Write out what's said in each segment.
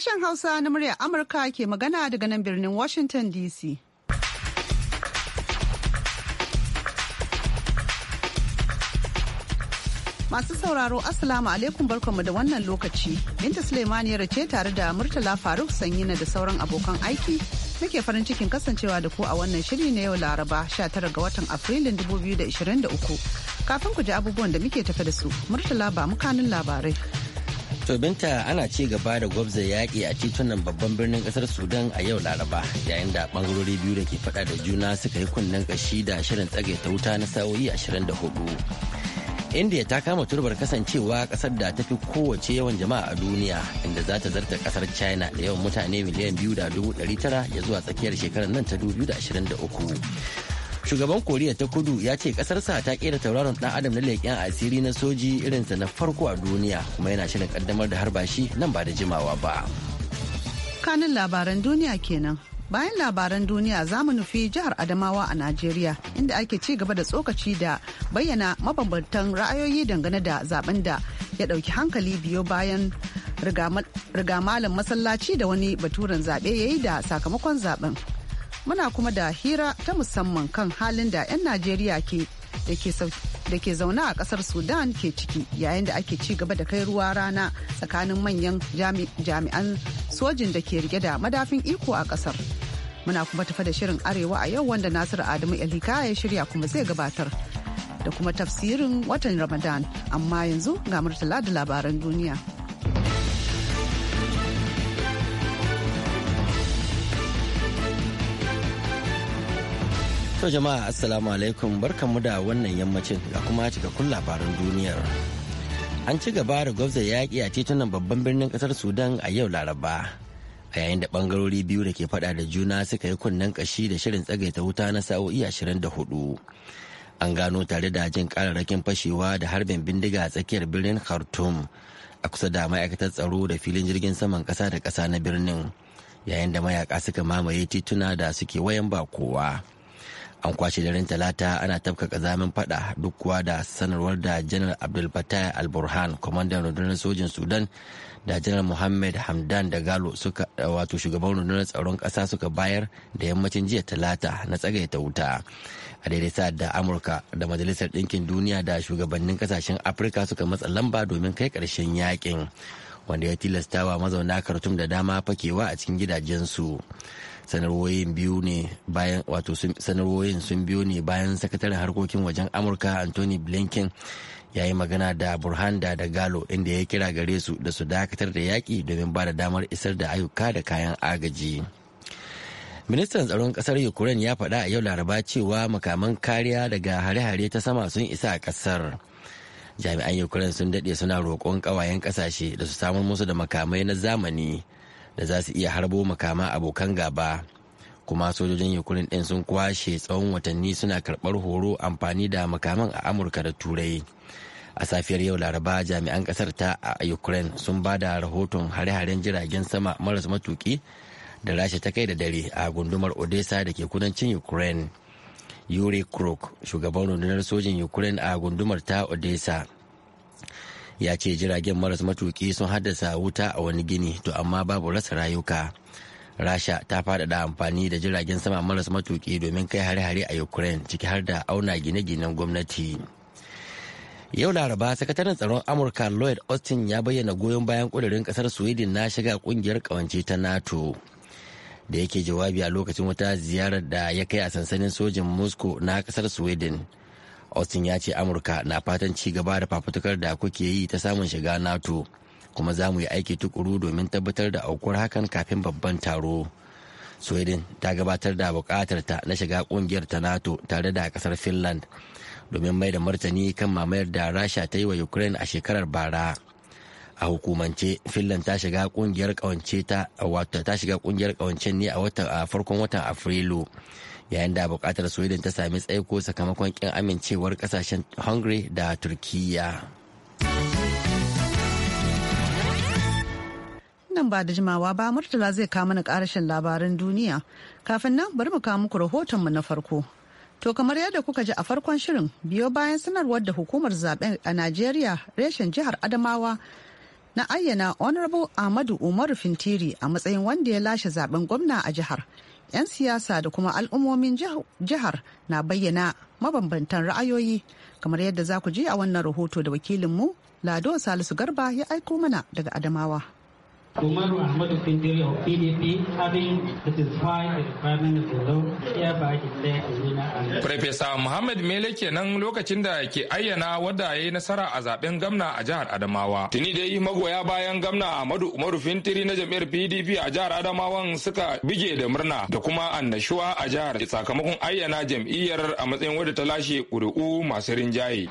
Sashen Hausa na muryar Amurka ke magana daga nan birnin Washington DC. Masu sauraro asalamu alaikum barkanmu da wannan lokaci. Binta ya ce tare da Murtala Faruk Sanyi na da sauran abokan aiki muke farin cikin kasancewa da ku a wannan shiri na yau Laraba 19 ga watan Afrilun 2023. Kafin ku ji abubuwan da muke tafe da su, Murtala ba mu kanin labarai. To binta ana ci gaba da gwabza yaƙi a titunan babban birnin ƙasar Sudan a yau Laraba yayin da bangarori biyu da ke faɗa da juna suka yi kunnen kashi da shirin tsage ta wuta na sa'o'i 24. India ta kama turbar kasancewa ƙasar da ta fi kowace yawan jama'a a duniya inda za ta zarta ƙasar China da yawan mutane miliyan biyu da dubu ya zuwa tsakiyar shekarar nan ta 2023. shugaban koriya ta kudu ya ce kasarsa ta kera tauraron dan adam na leƙen asiri na soji irinsa na farko a duniya kuma yana shirin kaddamar da harbashi nan ba da jimawa ba kanin labaran duniya kenan bayan labaran duniya za mu nufi jihar adamawa a najeriya inda ake ci gaba da tsokaci da bayyana mabambantan ra'ayoyi dangane da zaben da ya dauki hankali biyo bayan riga masallaci da wani baturen zaɓe ya yi da sakamakon zaben muna kuma da hira ta musamman kan halin da 'yan najeriya ke da ke zaune a kasar sudan ke ciki yayin da ake ci gaba da kai ruwa rana tsakanin manyan jami'an sojin da ke rike da madafin iko a kasar muna kuma tafa da shirin arewa a yau wanda nasiru adamu elika ya shirya kuma zai gabatar da kuma tafsirin watan ramadan amma yanzu ga murtala da labaran duniya. To jama'a assalamu alaikum barkanmu da wannan yammacin ga kuma cikakkun labaran duniyar. An ci gaba da gwabza yaƙi a titunan babban birnin ƙasar Sudan a yau Laraba. A yayin da ɓangarori biyu da ke faɗa da juna suka yi kunnen ƙashi da shirin tsagaita wuta na sa'o'i ashirin da hudu. An gano tare da jin ƙararrakin fashewa da harbin bindiga a tsakiyar birnin Khartoum a kusa da ma'aikatar tsaro da filin jirgin saman ƙasa da ƙasa na birnin yayin da mayaka suka mamaye tituna da suke wayan ba kowa. an kwashe daren talata ana tafka kazamin fada duk kuwa da sanarwar da janar abdul fatah al-burhan kwamandan rundunar sojin sudan da janar muhammad hamdan da galo suka wato shugaban rundunar tsaron kasa suka bayar da yammacin jiya talata na tsagaita wuta a daidai sa'ad da amurka da majalisar ɗinkin duniya da shugabannin kasashen afirka suka matsa lamba domin kai ƙarshen yakin wanda ya tilasta wa mazauna kartum da dama fakewa a cikin gidajensu sanarwoyin biyu wato sanarwoyin sun biyu ne bayan sakataren harkokin wajen amurka anthony blinken ya yi magana da burhan da da galo inda ya kira gare su da su dakatar da yaƙi domin ba da damar isar da ayyuka da kayan agaji ministan tsaron kasar ukraine ya faɗa a yau laraba cewa makaman kariya daga hare-hare ta sama sun isa a kasar jami'an ukraine sun daɗe suna roƙon ƙawayen ƙasashe da su samar musu da makamai na zamani da za su iya harbo makama abokan gaba kuma sojojin ukraine ɗin sun kwashe tsawon watanni suna karɓar horo amfani da makaman a amurka da turai a safiyar yau laraba jami'an ƙasar ta a ukraine sun ba da rahoton hare-haren jiragen sama maras matuki da rasha ta kai da dare a gundumar odessa da ke kudancin ukraine yuri krok shugaban rundunar sojin ukraine a gundumar ta odessa ya ce jiragen maras matuki sun haddasa wuta a wani gini to amma babu rasa rayuka rasha ta faɗaɗa amfani da jiragen sama maras matuki domin kai hare-hare a ukraine ciki har da auna gine-ginen gwamnati yau laraba sakataren tsaron amurka lloyd austin ya bayyana goyon bayan kudirin kasar sweden na shiga kungiyar kawance ta nato da yake jawabi a lokacin wata ziyarar da ya kai a sansanin sojin moscow na kasar sweden austin ya ce amurka na fatan ci gaba da fafutukar da kuke yi ta samun shiga nato kuma za mu yi aiki tukuru domin tabbatar da aukuwar hakan kafin babban taro sweden ta gabatar da bukatar ta na shiga kungiyar ta nato tare da kasar finland domin mai da martani kan mamayar da rasha ta yi wa ukraine a shekarar bara a hukumance finland ta shiga kungiyar kawance ta wato ta shiga kungiyar kawancen ne a farkon watan afrilu yayin da bukatar sweden ta sami tsaiko sakamakon kin amincewar kasashen hungary da turkiya nan ba da jimawa ba murtala zai kawo mana karashin labaran duniya kafin nan bari mu kawo muku rahotonmu na farko To kamar yadda kuka ji a farkon shirin biyo bayan sanarwar da hukumar zaben a Najeriya reshen jihar Adamawa na ayyana Honorable Ahmadu Umaru Fintiri a matsayin wanda ya lashe zaben gwamna a jihar 'yan siyasa da kuma al'ummomin jihar na bayyana mabambantan ra'ayoyi kamar yadda za ku je a wannan rahoto da wakilinmu lado salisu garba ya aiko mana daga adamawa Umaru Ahmadu Findiri of PDP, having satisfied the requirement of the law, hereby declare a winner and... Farfesa Muhammad Mele kenan lokacin da ke ayyana wadda ya yi nasara a zaben gamna a jihar Adamawa. Tuni dai magoya bayan gamna Ahmadu Umaru Fintiri na jam'iyyar PDP a jihar Adamawan suka bige da murna da kuma annashuwa a jihar sakamakon ayyana jam'iyyar a matsayin wadda ta lashe ƙuri'u masu rinjaye.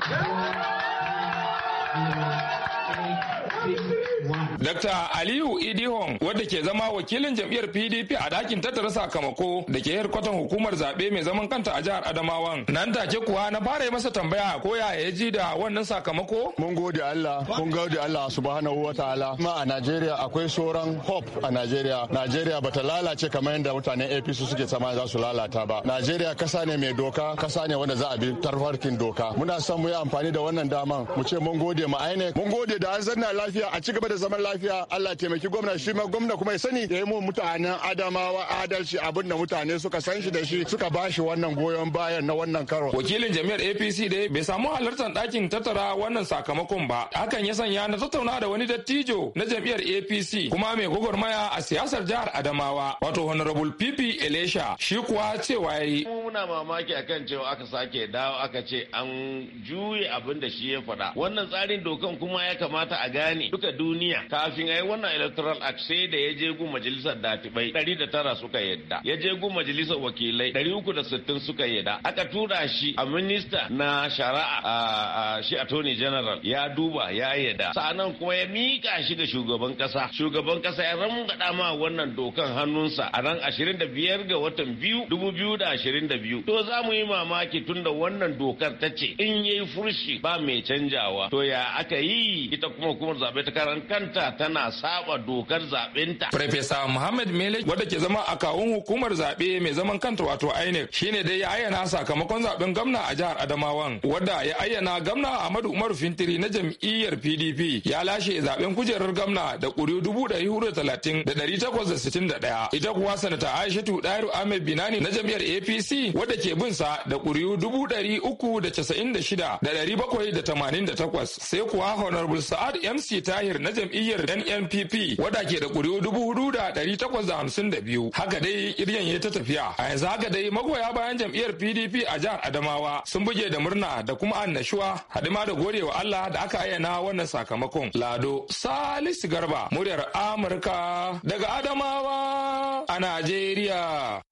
Dr. Aliyu Idihon wadda ke zama wakilin jam'iyyar PDP a dakin tattara sakamako da ke harkwatan hukumar zaɓe mai zaman kanta a jihar Adamawan. Nan take kuwa na fara yi masa tambaya ko ya ya ji da wannan sakamako? Mun gode Allah, mun gode Allah subhanahu wa ta'ala. Ma a Najeriya akwai sauran hope a Najeriya. Najeriya bata lalace kamar yadda mutanen APC suke sama za su lalata ba. Najeriya kasa ne mai doka, kasa ne wanda za a bi tarfarkin doka. Muna son mu yi amfani da wannan daman mu ce mun gode ma INEC, mun gode da an zanna lafiya a ci gaba da zaman lafiya. lafiya Allah taimaki gwamna shi ma gwamna kuma ya sani ya yi mu mutanen Adamawa adalci abin da mutane suka san shi da shi suka ba shi wannan goyon bayan na wannan karo. Wakilin jami'ar APC dai bai samu halartar dakin tattara wannan sakamakon ba. Hakan ya sanya na tattauna da wani dattijo na jam'iyyar APC kuma mai gwagwarmaya a siyasar jihar Adamawa wato Honorable PP Elisha shi kuwa cewa yayi. Muna mamaki akan cewa aka sake dawo aka ce an juye abin da shi ya faɗa. Wannan tsarin dokan kuma ya kamata a gane duka duniya kafin a yi wannan electoral act sai da ya je gu majalisar datibai ɗari da tara suka yadda ya je gu majalisar wakilai Dari uku da sittin suka yadda aka tura shi a minista na shari'a shi attorney general ya duba ya yadda sa'anan kuma ya mika shi ga shugaban kasa shugaban kasa ya ramgaɗa ma wannan dokan hannunsa a ran ashirin da biyar ga watan biyu dubu biyu da ashirin da biyu to za mu yi mamaki tunda wannan dokar ta ce in yayi furshi ba mai canjawa to ya aka yi ita kuma hukumar zaɓe ta karan kanta tana saba dokar zaɓenta. Profesa muhammad mele wadda ke zama a kawun hukumar zaɓe mai zaman kanta wato inec shine dai ya ayyana sakamakon zaɓen gwamna a jihar adamawan wadda ya ayyana gwamna ahmadu Umar fintiri na jam'iyyar pdp ya lashe zaɓen kujerar gwamna da ƙuri'u dubu ɗari hudu talatin da ɗari takwas da sittin da ɗaya ita kuwa sanata aishatu ɗahiru ahmed binani na jam'iyyar apc wadda ke bin sa da ƙuri'u dubu ɗari uku da casa'in da shida da ɗari bakwai da tamanin da takwas sai kuwa honorable sa'ad mc tahir na jam'iyyar jam'iyyar NNPP wadda ke da ƙuri'u dubu hudu da ɗari takwas da hamsin da biyu. Haka dai kiryan ya ta tafiya. A yanzu haka dai magoya bayan jam'iyyar PDP a jihar Adamawa sun buge da murna da kuma annashuwa hadima da gode wa Allah da aka ayyana wannan sakamakon. Lado Salisu Garba muryar Amurka daga Adamawa a Najeriya.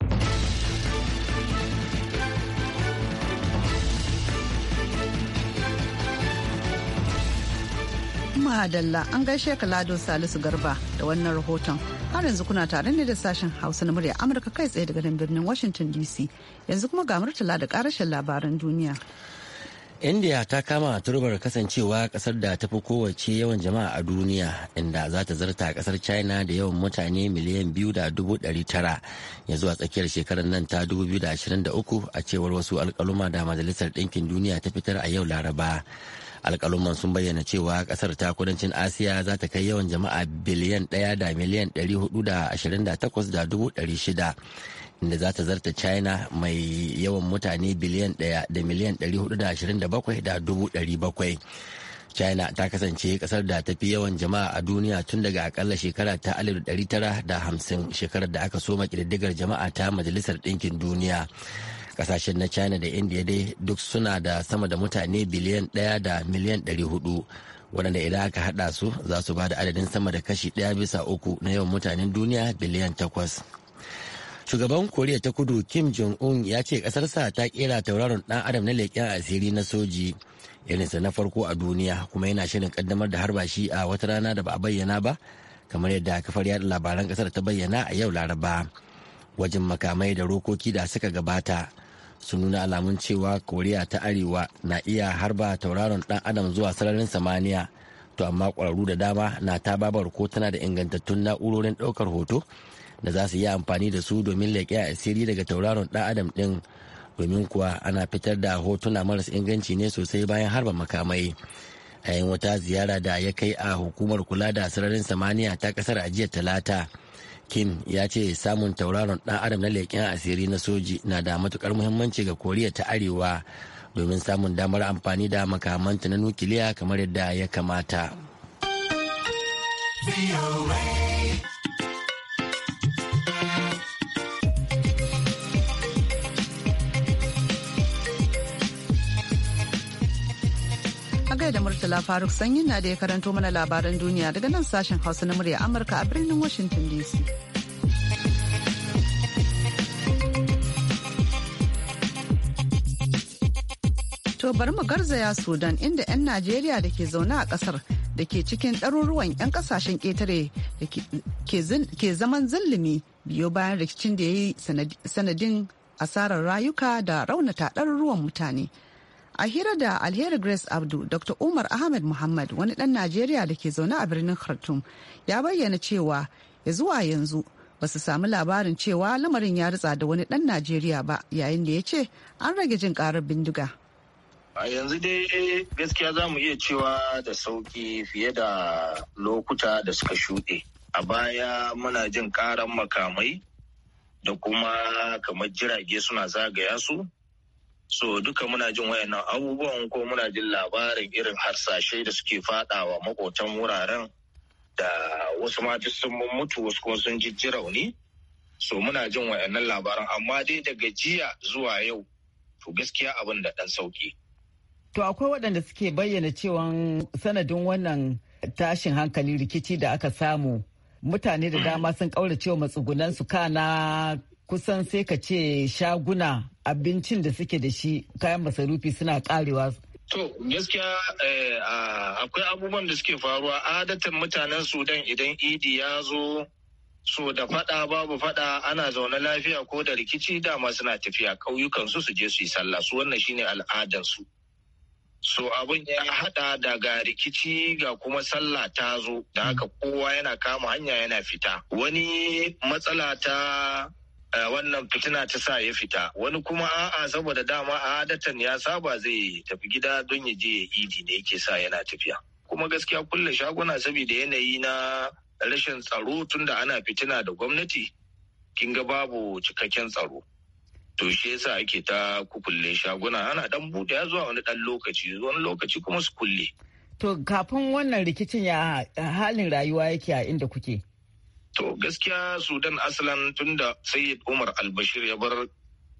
hadalla an gaishe ka Lado Salisu Garba da wannan rahoton. Har yanzu kuna tare ne da sashen Hausa na murya Amurka kai tsaye daga birnin Washington DC. Yanzu kuma ga murtala da karashin labaran duniya. India ta kama turbar kasancewa kasar da ta fi kowace yawan jama'a a duniya inda za ta zarta kasar China da yawan mutane miliyan biyu da dubu ɗari tara ya zuwa tsakiyar shekarar nan ta dubu biyu da ashirin da uku a cewar wasu alkaluma da Majalisar Ɗinkin Duniya ta fitar a yau Laraba. alkaluman sun bayyana cewa kasar ta kudancin asiya za ta kai yawan jama'a biliyan daya da miliyan 428,600 inda za ta zarta china mai yawan mutane biliyan daya da miliyan 427,700 china ta kasance kasar da ta fi yawan jama'a a duniya tun daga akalla shekara ta 1950 shekarar da aka soma kididdigar jama'a ta majalisar ɗinkin duniya kasashen na china da india dai duk suna da sama da mutane biliyan ɗaya da miliyan ɗari hudu waɗanda idan aka hada su za su ba da adadin sama da kashi ɗaya bisa uku na yawan mutanen duniya biliyan takwas shugaban koriya ta kudu kim jong-un ya ce ƙasarsa ta kera tauraron dan adam na leƙen asiri na soji irinsa na farko a duniya kuma yana shirin kaddamar da harba shi a wata rana da ba a bayyana ba kamar yadda kafar yada labaran ƙasar ta bayyana a yau laraba wajen makamai da rokoki da suka gabata sun nuna alamun cewa koriya ta arewa na iya harba tauraron dan adam zuwa sararin samaniya to amma kwararru da dama na ta babar ko tana da ingantattun na'urorin daukar hoto da za su yi amfani da su domin leƙe asiri daga tauraron dan adam din domin kuwa ana fitar da hotuna maras inganci ne sosai bayan harba makamai a yin wata ziyara da ya kai a hukumar kula da sararin samaniya ta kasar a jiya talata Kin ya ce samun tauraron ɗan adam na leƙen asiri na soji na da matukar muhimmanci ga Koriya ta Arewa domin samun damar amfani da makamanta na nukiliya kamar yadda ya kamata. tare da Murtala Faruk Sanyin na da ya karanto mana labaran duniya daga nan sashen Hausa na murya Amurka a birnin Washington DC. To bari mu garzaya Sudan inda 'yan Najeriya da ke zaune a kasar da ke cikin ɗaruruwan 'yan kasashen ƙetare da ke zaman zillimi biyo bayan rikicin da ya yi sanadin asarar rayuka da raunata ɗaruruwan mutane. a hira da alheri grace abdu dr umar ahmed muhammad wani dan najeriya da ke zaune a birnin khartoum ya bayyana cewa ya zuwa yanzu ba su sami labarin cewa lamarin ya ritsa da wani dan najeriya ba yayin da ya ce an rage jin karar bindiga a yanzu dai gaskiya za mu iya cewa da sauki fiye da lokuta da suka shuɗe a baya muna jin karan makamai da kuma kamar jirage suna zagaya su so duka muna jin wayannan abubuwan ko muna jin labarin irin harsashe da suke fadawa makotan wuraren da wasu ma sun mutu wasu kuma sun ji rauni so muna jin wayannan labaran amma dai daga jiya zuwa yau to gaskiya abin da dan sauki to akwai waɗanda suke bayyana cewa sanadin wannan tashin hankali rikici da aka samu mutane da mm. dama sun kaurace wa su kana kusan sai ka ce shaguna abincin da suke da shi kayan masarufi suna karewa To gaskiya eh, akwai abubuwan da suke faruwa adatan mutanen Sudan idan idi ya zo so da fada babu fada ana zaune lafiya ko da rikici dama suna tafiya ƙauyukansu su su je su yi sallah su wannan shine al'adansu. So abin ya hada daga rikici ga kuma sallah ta zo da haka kowa yana kama hanya yana fita. Wani matsala ta Eh, wannan fitina ta sa ya fita wani kuma a'a saboda dama adatan ya saba zai tafi gida don ya je idi ne yake sa yana tafiya kuma gaskiya kulle shaguna saboda yanayi na rashin tsaro tunda ana fitina da gwamnati kin ga babu cikakken tsaro to shi yasa ake ta kukulle shaguna ana dan bude ya zuwa wani dan lokaci wani lokaci kuma su kulle to kafin wannan rikicin ya halin rayuwa yake a inda kuke To gaskiya Sudan asalan tunda Sayyid Umar Albashir ya bar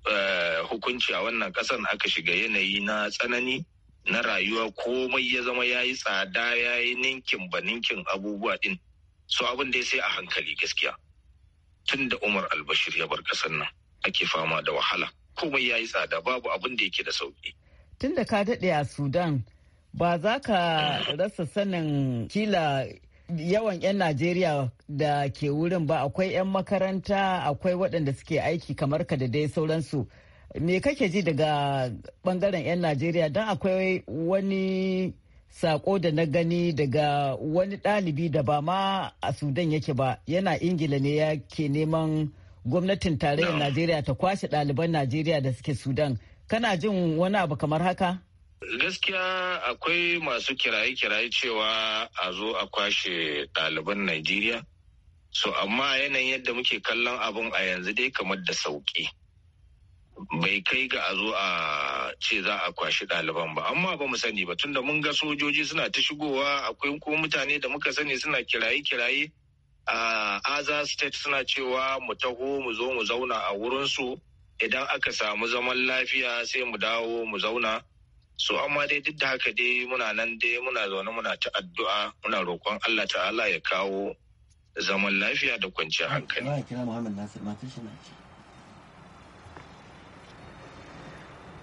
eh, hukunci a wannan kasan aka shiga yanayi na tsanani na rayuwa komai ya zama ya yi tsada ya yi ninkin ba ninkin abubuwa din su abin da ya sai a hankali gaskiya tun da umar albashir ya bar kasar nan ake fama da wahala komai ya yi tsada babu abin da yake da sauki Tunda ka daɗe a sudan ba za ka mm. rasa sanin kila yawan 'yan Najeriya da ke wurin ba akwai 'yan makaranta akwai waɗanda suke aiki kamar ka da dai sauransu. Me kake ji daga bangaren 'yan Najeriya don akwai wani sako da na gani daga wani ɗalibi da ba ma a Sudan yake ba yana Ingila ne ya ke neman gwamnatin tarayyar Najeriya ta kwashe ɗaliban Najeriya da suke Sudan. Kana jin wani abu kamar haka? Gaskiya akwai masu kiraye-kiraye cewa a zo a kwashe ɗaliban Najeriya. So, amma yanayin yadda muke kallon abin a yanzu dai kamar da sauƙi. Bai kai ga a zo a ce za a kwashi ɗaliban ba, amma ba mu sani ba tunda mun ga sojoji suna ta shigowa akwai ko mutane da muka sani suna kiraye-kiraye a Aza State suna cewa mu taho mu zo mu zauna a wurin su idan aka samu zaman lafiya sai mu dawo mu zauna. so amma dai duk da haka dai muna nan dai muna zaune muna ta addu'a muna roƙon Allah ta'ala ya kawo zaman lafiya da kwanciyar hankali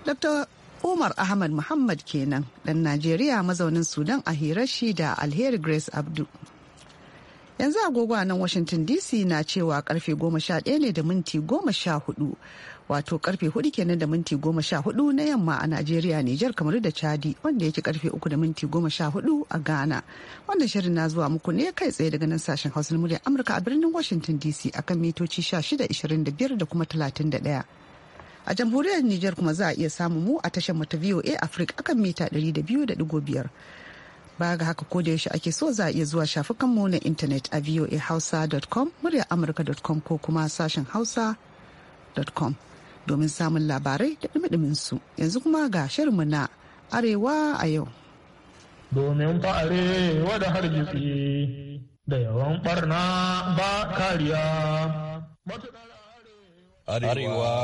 Dr. Umar Ahmad Muhammad kenan dan Najeriya mazaunin Sudan a hirashi da Alheri Grace Abdu. Yanzu agogo nan Washington DC na cewa karfe 11 ne da minti 14 wato karfe 4 kenan da minti 14 na yamma a Najeriya Nijar kamar da Chadi wanda yake karfe 3 da minti 14 a Ghana. Wannan shirin na zuwa muku ne kai tsaye daga nan sashen Hausa murya Amurka a birnin Washington DC akan mitoci 1625 da kuma 31. A jamhuriyar niger kuma za a iya samun mu a tashar mata VOA Africa akan mita 200.5. ba ga haka ko da yaushe ake so za a iya zuwa shafukan mu na intanet a voahausa.com muryar amurka.com ko kuma sashen hausa.com domin samun labarai da dumi su yanzu kuma ga shirinmu na arewa a yau. Domin fa arewa da hargitsi da yawan barna ba kariya. Arewa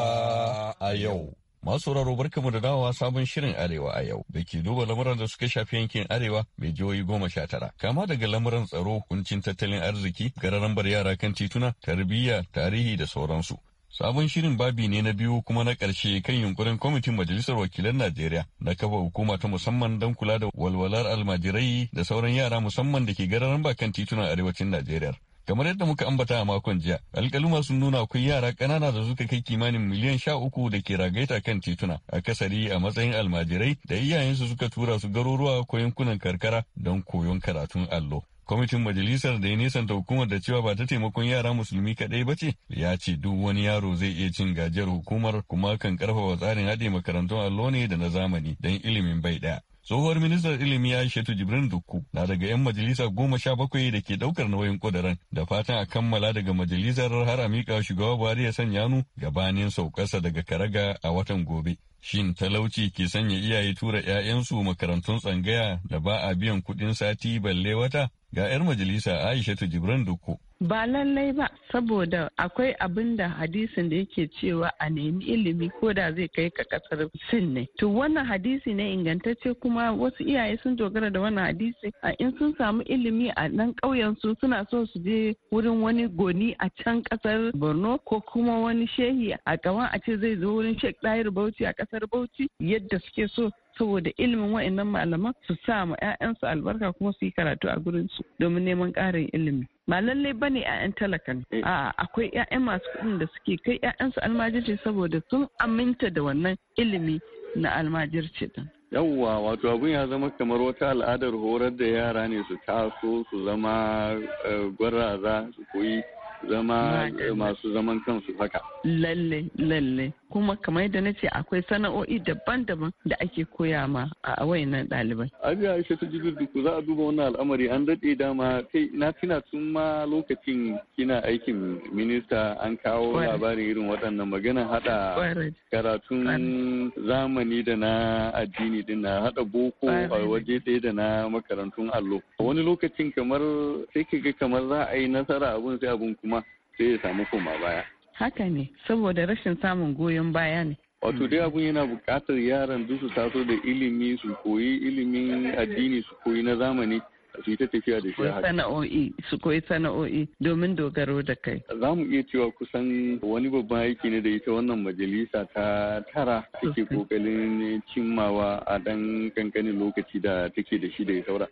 a yau. Masu sauraro barkamu da dawowa sabon shirin Arewa a yau da ke duba lamuran da suka shafi yankin Arewa mai jihohi goma sha tara. Kama daga lamuran tsaro, kuncin tattalin arziki, gararan bar yara kan tituna, tarbiyya, tarihi da sauransu. Sabon shirin babi ne na biyu kuma na ƙarshe kan yunkurin kwamitin Majalisar Wakilan Najeriya na kafa hukuma ta musamman don kula da walwalar almajirai da sauran yara musamman da ke gararan bakan titunan arewacin Najeriya. Kamar yadda muka ambata a makon jiya, alkaluma sun nuna akwai yara ƙanana da suka kai kimanin miliyan sha uku da ke ragaita kan tituna, akasari a matsayin almajirai da iyayensu suka tura su garuruwa ko yankunan karkara don koyon karatun allo. kwamitin majalisar da ya nisanta hukumar da cewa ba ta taimakon yara musulmi kaɗai ba ce ya ce duk wani yaro zai iya cin gajiyar hukumar kuma kan karfafa tsarin haɗe makarantun allo ne da na zamani don ilimin bai ɗaya tsohuwar ministan ilimi ya aishatu jibrin dukku na daga 'yan majalisa goma sha bakwai da ke ɗaukar nauyin kuduran da fatan a kammala daga majalisar har a miƙa shugaba buhari ya sanya nu gabanin saukarsa daga karaga a watan gobe shin talauci ke sanya iyaye tura 'ya'yansu makarantun tsangaya da ba a biyan kuɗin sati balle wata ga 'yar majalisa aisha ta jibran dukko ba lallai ba saboda akwai abin da hadisin da yake cewa a nemi ilimi ko da zai kai ka kasar sin ne to wannan hadisi ne ingantacce kuma wasu iyaye sun dogara da wannan hadisi a in sun samu ilimi a nan ƙauyen su suna so su je wurin wani goni a can kasar borno ko kuma wani shehi a kawan a ce zai zo wurin shek ɗayar bauchi a kasar bauchi yadda suke so saboda ilimin wa'annan malaman su sa ma 'ya'yansu albarka kuma su yi karatu a gurin su domin neman ƙarin ilimi ba lallai ba ne 'ya'yan talakan eh. a akwai 'ya'yan masu kuɗin da suke kai 'ya'yansu almajirci saboda sun aminta da wannan ilimi na almajirci din yawwa wato abin ya zama kamar wata al'adar horar da yara ne su taso su zama eh, gwarraza su koyi zama masu zaman kansu haka. Lalle, lalle. Kuma kamar yadda na ce akwai sana'o'i daban-daban da ake koya ma a nan ɗalibai. Abi Aisha ta duku za a duba wannan al'amari an daɗe dama kai na tuna tun ma lokacin kina aikin minista an kawo labarin irin waɗannan magana haɗa karatun zamani da na addini din na haɗa boko a waje ɗaya da na makarantun allo. Wani lokacin kamar sai ka ga kamar za a yi nasara abun sai abun kuma kuma sai ya samu koma baya haka ne saboda rashin samun goyon baya ne wato dai abun yana buƙatar yaran su taso da ilimi su koyi ilimin addini su koyi na zamani su yi ta tafiya da shi sana'o'i su koyi sana'o'i domin dogaro da kai za mu iya cewa kusan wani babban aiki ne da ita wannan majalisa ta tara take kokarin cimmawa a dan kankanin lokaci da take da shi da ya saura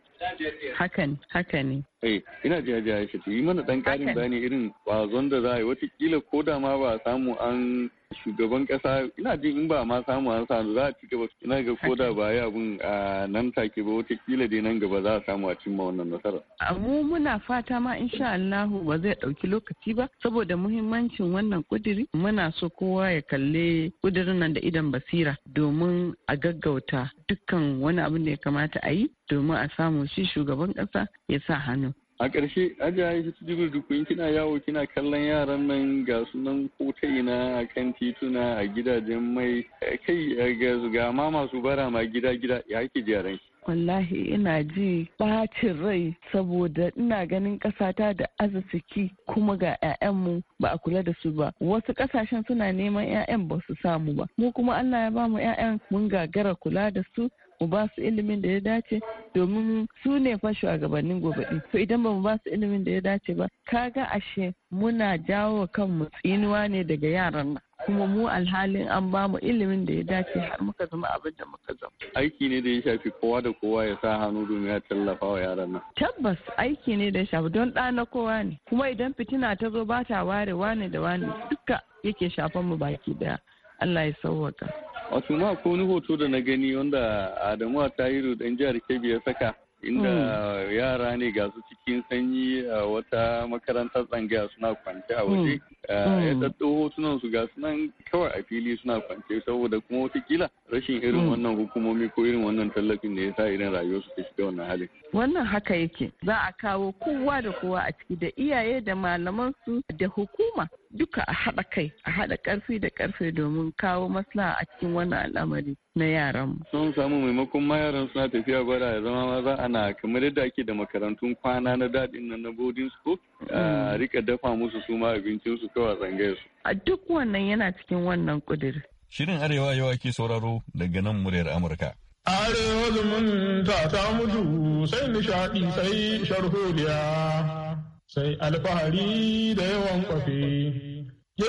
hakan hakan ne Eh, ina ji ya shafi yi mana dan karin bayani irin kwazon da za a yi watakila ko da ma ba samu an shugaban kasa ina jin in ba ma samu an samu za a ci gaba ina ga ko da ba ya abun a nan take ba watakila dai nan gaba za a samu a cimma wannan nasara. Mu muna fata ma insha Allahu ba zai ɗauki lokaci ba saboda muhimmancin wannan kuduri muna so kowa ya kalle kudirin nan da idan basira domin a gaggauta dukkan wani abin da ya kamata a yi domin a samu shi shugaban kasa ya sa hannu. a ƙarshe ajiye ya shi jigur dukkan kina yawo kina kallon yaran nan ga sunan ko ta ina a kan tituna a gidajen mai eh, kai eh, ga ma masu bara ma gida gida ya ke yaran wallahi ina ji bacin rai saboda ina ganin ƙasata da arziki kuma ga 'ya'yanmu ba a kula da su ba wasu ƙasashen suna neman 'ya'yan ba su samu ba mu kuma allah ya bamu 'ya'yan mun gagara kula da su mu ba su ilimin da ya dace domin su ne fa shugabannin gobe din to idan ba mu ba su ilimin da ya dace ba kaga ashe muna jawo kanmu tsinuwa ne daga yaran nan kuma mu alhalin an ba mu ilimin da ya dace har muka zama abin da muka zama. Aiki ne da ya shafi kowa da kowa ya sa hannu domin ya tallafa wa yaran nan. Tabbas aiki ne da ya shafi don ɗa na kowa ne. Kuma idan fitina ta zo ba ta ware wane da wane duka yake shafan mu baki daya. Allah ya sauwaka. wato ma ko wani hoto da na gani wanda adamu yi dan jihar kebbi ya saka inda hmm. yara ne ga su cikin sanyi a wata makarantar tsangaya suna kwance a waje hmm. ya ɗaɗɗo hmm. hotunan su ga sunan kawai a fili suna kwance saboda kuma watakila rashin irin wannan hukumomi ko irin wannan tallafin da ya sa irin rayuwar su ta shiga wannan hali. wannan haka yake za a kawo kowa da kowa a ciki da iyaye da malaman su da hukuma duka a haɗa kai a haɗa ƙarfi da ƙarfe domin kawo maslaha a cikin wannan al'amari na yaran sun samu maimakon ma yaran suna tafiya gwada ya zama maza ana kamar yadda ake da makarantun kwana na daɗin nan na boarding school mm. a rika dafa musu su ma abincin su kawai zangayar su a duk wannan yana cikin wannan ƙudiri shirin arewa yawa ake sauraro daga nan muryar amurka arewa zumunta ta mutu sai nishaɗi sai sharholiya sai alfahari da yawan kwafi. A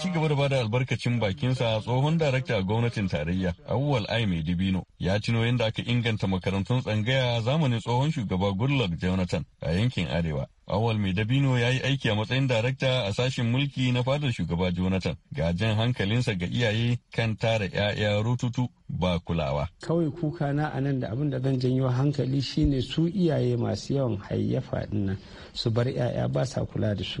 ci gaba da bada albarkacin bakinsa tsohon darakta a gwamnatin tarayya Awwal Ai Mai Dibino ya cino yadda aka inganta makarantun tsangaya zamanin tsohon shugaba Goodluck Jonathan a yankin Arewa. Awal Mai Dabino ya yi aiki a matsayin darakta a sashen mulki na fadar shugaba Jonathan ga jan hankalinsa ga iyaye kan tara 'ya'ya rututu ba kulawa. Kawai kuka na a nan da abin da zan janyo hankali shine su iyaye masu yawan hayyafa dinnan su bar 'ya'ya ba sa kula da su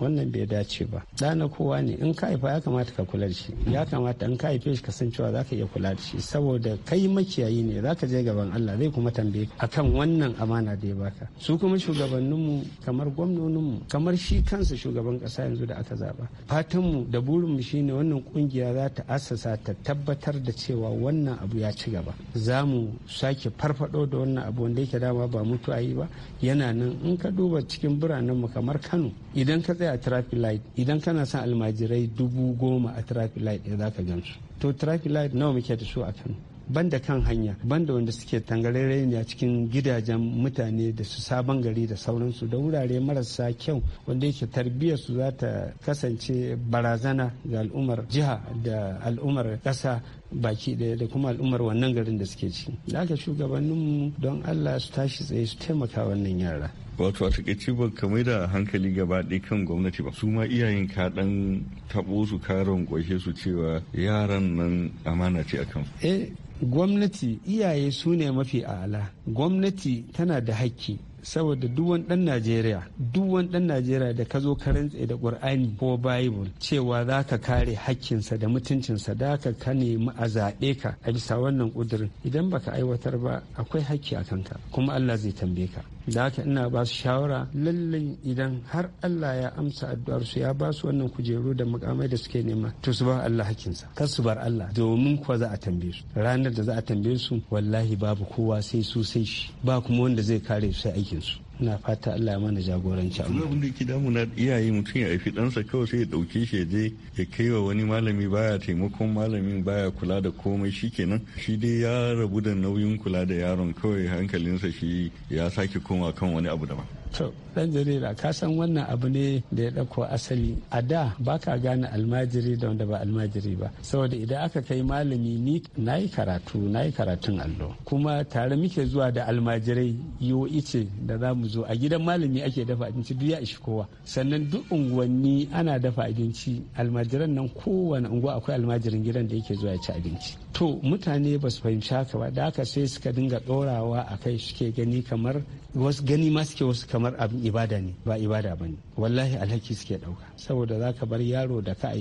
wannan bai dace ba da na kowa ne in ka haifa ya kamata ka kula da shi ya kamata in ka haife shi ka san cewa zaka iya kula da shi saboda kai makiyayi ne zaka je gaban Allah zai kuma tambaye ka akan wannan amana da ya baka su kuma shugabanninmu kamar gwamnoninmu kamar shi kansa shugaban kasa yanzu da aka zaba fatanmu da burinmu shine wannan kungiya za ta assasa ta tabbatar da cewa wannan abu ya ci gaba za mu sake farfado da wannan abu wanda yake dama ba mutuwa yi ba yana nan in ka duba cikin biranenmu kamar Kano idan ka tsaya a traffic light idan kana son almajirai dubu goma a traffic light ya za ka gansu to traffic light nawa muke da su a kano banda kan hanya banda wanda suke tangarere ne a cikin gidajen mutane da su sabon gari da sauransu da wurare marasa kyau wanda yake tarbiyyar su za ta kasance barazana ga al'ummar jiha da al'ummar ƙasa baki ɗaya da kuma al'ummar wannan garin da suke ciki da aka shugabanninmu don allah su tashi tsaye su taimaka wannan yara wato a takaice ba da hankali gaba ɗaya kan gwamnati ba su ma iyayen ka ɗan taɓo su karon ƙwashe su cewa yaran nan amana ce akan eh gwamnati iyaye su ne mafi ala gwamnati tana da hakki saboda duk wani dan Najeriya duk dan Najeriya da ka zo ka rantse da Qur'ani ko Bible cewa za ka kare hakkinsa da mutuncinsa da ka ka nemi a zaɓe ka a bisa wannan ƙudurin idan baka aiwatar ba akwai hakki a kanka kuma Allah zai tambaye ka da haka ina ba su shawara lallai idan har Allah ya amsa addu'ar su ya ba su wannan kujeru da mukamai da suke nema to su ba Allah hakkinsa kar su bar Allah domin kuwa za a tambaye su ranar da za a tambaye su wallahi babu kowa sai su sai shi ba kuma wanda zai kare su sai aiki aikinsu na fata Allah ya mana jagoranci amma abin da ke na iyaye mutum ya haifi ɗansa kawai sai ya ɗauke shi je ya kai wa wani malami baya taimakon malamin baya kula da komai shi kenan shi dai ya rabu da nauyin kula da yaron kawai hankalinsa shi ya sake koma kan wani abu daban To, ɗan jarida ka san wannan abu ne da ya dauko asali. A da ba ka gane almajiri da wanda ba almajiri ba. Saboda idan aka kai malami ni na yi karatu, na yi karatun allo. Kuma tare muke zuwa da almajirai yiwo ice da za mu zo. A gidan malami ake dafa abinci duk ya ishi kowa. Sannan duk unguwanni ana dafa abinci. Almajiran nan kowane unguwa akwai almajirin gidan da yake zuwa ya ci abinci. to mutane ba su fahimci haka ba da haka sai suka dinga ɗorawa a kai suke gani kamar wasu gani ma suke wasu kamar abin ibada ne ba ibada ba ne wallahi alhaki suke ɗauka saboda za ka bar yaro da ka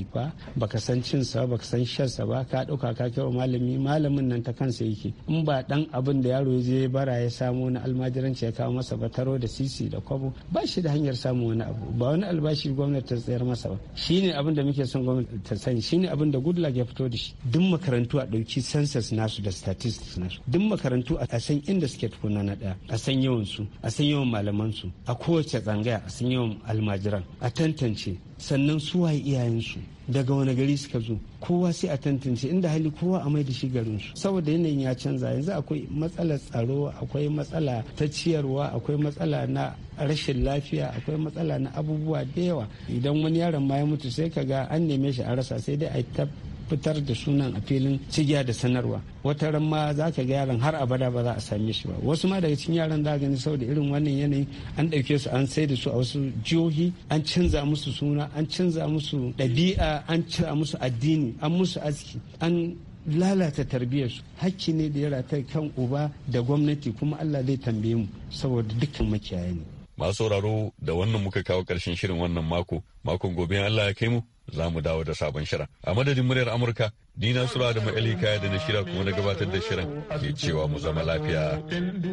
ba ka san cinsa ba ka san shansa ba ka ɗauka ka kai malami malamin nan ta kansa yake in ba ɗan abin da yaro je bara ya samu na almajiranci ya kawo masa ba taro da sisi da kwabo ba shi da hanyar samun wani abu ba wani albashi gwamnati ta tsayar masa ba shine abin da muke son gwamnati ta sani shine abin da goodluck ya fito da shi duk makarantu a ɗauki ɗauki census nasu da statistics nasu duk makarantu a san inda suke tukuna na ɗaya a san yawan su a san yawan malaman su a kowace tsangaya a san yawan almajiran a tantance sannan su waye iyayen su daga wani gari suka zo kowa sai a tantance inda hali kowa a mai da shi garin su saboda yanayin ya canza yanzu akwai matsalar tsaro akwai matsala ta ciyarwa akwai matsala na rashin lafiya akwai matsala na abubuwa da yawa idan wani yaron ma ya mutu sai ka ga an neme shi a rasa sai dai a ta fitar da sunan a filin cigiya da sanarwa wata ran ma za ka ga yaran har abada ba za a same shi ba wasu ma daga cikin yaran za gani saboda irin wannan yanayi an ɗauke su an sai da su a wasu jihohi an canza musu suna an canza musu ɗabi'a an canza musu addini an musu aski an lalata tarbiyyarsu hakki ne da ya ratar kan uba da gwamnati kuma allah zai tambaye mu saboda dukkan makiyaya ne masu sauraro da wannan muka kawo ƙarshen shirin wannan mako makon gobe allah ya kai mu za mu dawo da sabon shirin. A madadin muryar Amurka, Dina Sura da Ma'ali Kaya da na shira kuma na gabatar da shirin ke cewa mu zama lafiya.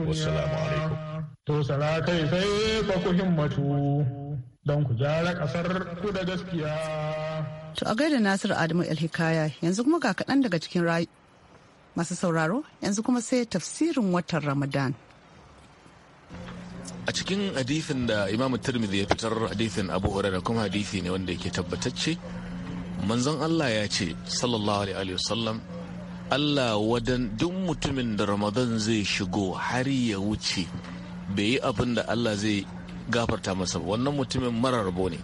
Wassalamu alaikum. To sala sai fa ku himmatu don ku gyara kasar ku da gaskiya. To a gaida Nasiru Adamu Hikaya yanzu kuma ga kaɗan daga cikin rayu masu sauraro yanzu kuma sai tafsirin watan Ramadan. a cikin hadithin da imamu tirmidhi ya fitar hadithin abu hurairah kuma hadithi ne wanda yake tabbatacce manzon Allah ya ce sallallahu alaihi wasallam Allah wadan duk mutumin da Ramadan zai shigo har ya wuce bai yi abin da Allah zai gafarta masa wannan mutumin marar rabo ne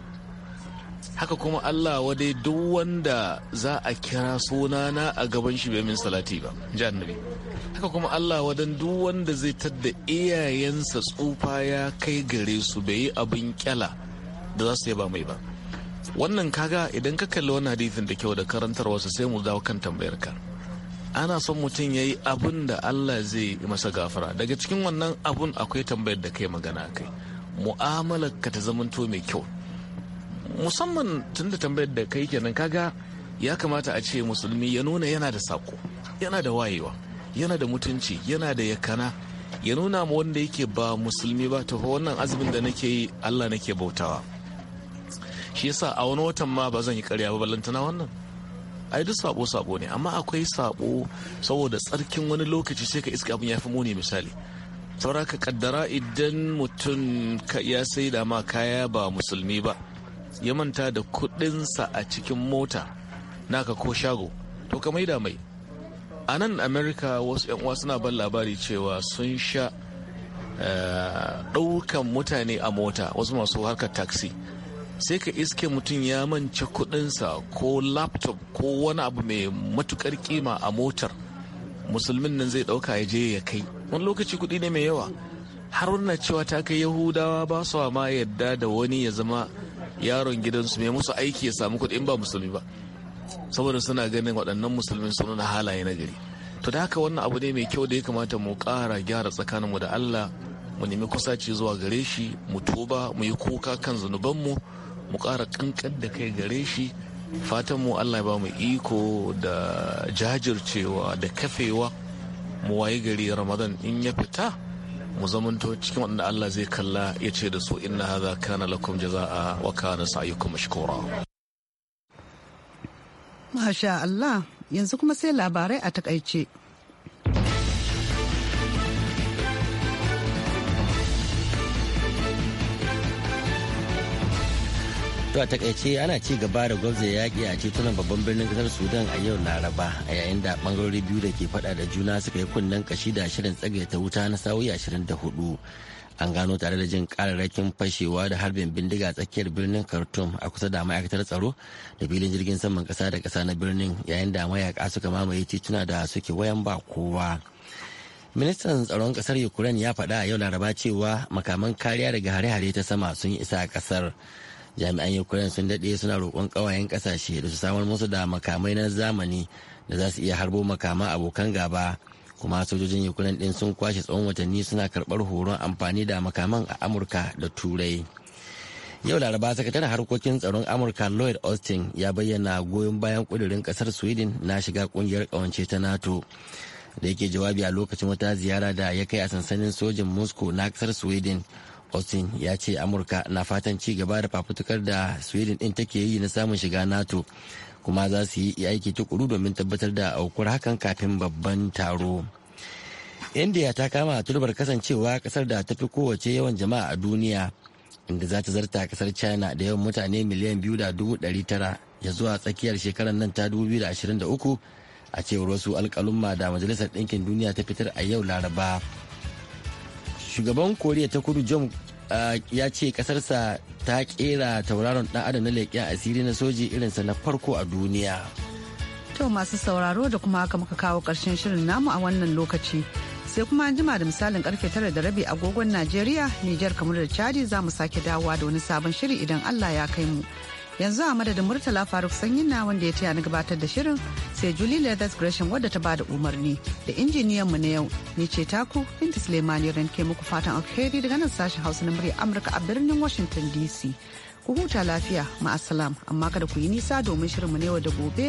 haka kuma Allah dai duk wanda za a kira sunana a gaban shi bai min salati ba jannabi haka kuma Allah wadan duk wanda zai tadda iyayensa tsufa ya kai gare su bai yi abin kyala da za su yaba mai ba wannan kaga idan ka kalli wannan hadithin da kyau da karantarwarsa sai mu dawo kan tambayar ka ana son mutum ya yi abin da Allah zai masa gafara daga cikin wannan abun akwai tambayar da kai magana kai mu'amalar ka ta zamanto mai kyau musamman tun da tambayar da kai kenan kaga ya kamata a ce musulmi ya nuna yana da sako yana da wayewa yana da mutunci yana da yakana ya nuna ma wanda yake ba musulmi ba ta fa wannan azumin da nake yi Allah nake bautawa shi yasa a wani watan ma ba zan yi karya ba na wannan ai duk sabo sabo ne amma akwai sabo saboda tsarkin wani lokaci sai ka iska abin ya fi muni misali saura ka kaddara idan mutum ya sai da ma kaya ba musulmi ba ya manta da kuɗinsa a cikin mota naka ko shago to ka maida mai a nan america wasu 'yan uwa suna ban labari cewa sun sha daukan eh, mutane a mota wasu masu harkar taxi sai ka iske mutum ya mance kudinsa ko laptop ko wani abu mai matukar kima a motar musulmin nan zai dauka ya je ya kai wani lokaci kudi ne mai yawa har wannan cewa ta kai yahudawa ba su ma yadda da wani ya zama yaron gidansu mai musu aiki ya samu kuɗi in ba musulmi ba saboda suna ganin waɗannan musulmin sun nuna halaye na gari to da haka wannan abu ne mai kyau da ya kamata mu kara gyara tsakaninmu da allah mu nemi kusaci zuwa gare shi mu tuba mu yi kuka kan zunubanmu mu ƙara ƙanƙan da kai gare shi fatan mu allah ya ba mu iko da jajircewa da kafewa mu waye gari ramadan in ya fita mu zamanto cikin wanda Allah zai kalla ya ce da su inna hadha kana lakum jaza'a wa kana sa'yukum mashkura Masha Allah yanzu kuma sai labarai a takaice To a takaice ana ci gaba da gwamza yaƙi a titunan babban birnin ƙasar Sudan a yau Laraba a yayin da bangarori biyu da ke faɗa da juna suka yi kunnen kashi da shirin tsagaita wuta na sa'o'i hudu An gano tare da jin kararrakin fashewa da harbin bindiga tsakiyar birnin Khartoum a kusa da ma'aikatar tsaro da filin jirgin saman kasa da kasa na birnin yayin da mayaka suka mamaye tituna da suke wayan ba kowa. ministan tsaron kasar ukraine ya faɗa a yau laraba cewa makaman kariya daga hare-hare ta sama sun isa kasar jami'an ukraine sun daɗe suna roƙon ƙawayen ƙasashe da su samar musu da makamai na zamani da za su iya harbo makama abokan gaba kuma sojojin ukraine ɗin sun kwashe tsawon watanni suna karɓar horon amfani da makaman a amurka da turai yau laraba sakataren harkokin tsaron amurka lloyd austin ya bayyana goyon bayan kudirin kasar sweden na shiga kungiyar kawance ta nato da yake jawabi a lokacin wata ziyara da ya kai a sansanin sojin moscow na kasar sweden austin ya ce amurka na fatan ci gaba da fafutukar da sweden din take yi na samun shiga nato kuma za su yi aiki tukuru domin tabbatar da aukuwar hakan kafin babban taro india ta kama turbar kasancewa kasar da ta fi kowace yawan jama'a a duniya inda za ta zarta kasar china da yawan mutane miliyan biyu da dubu ɗari tara ya zuwa tsakiyar shekarar nan ta dubu biyu da ashirin da uku a cewar wasu alkalumma da majalisar ɗinkin duniya ta fitar a yau laraba shugaban koriya ta kudu john ah, ya ce kasarsa ta kera tauraron dan adam na leƙen asiri na soji irinsa na farko a duniya to masu sauraro da kuma haka muka kawo ƙarshen shirin namu a wannan lokaci sai kuma an jima da misalin karfe tara da rabi agogon najeriya nijar kamar da chadi za mu sake dawowa da wani sabon shiri idan allah ya kai mu yanzu a madadin murtala faruk sanyin na wanda ya taya ni gabatar da shirin sai julie leathers gresham wadda ta bada umarni da injiniyan mu na yau ni ce taku binta suleimani ranke muku fatan alheri daga nan sashen hausa na murya amurka a birnin washington dc ku huta lafiya ma'asalam amma kada ku yi nisa domin shirin mu na yau da gobe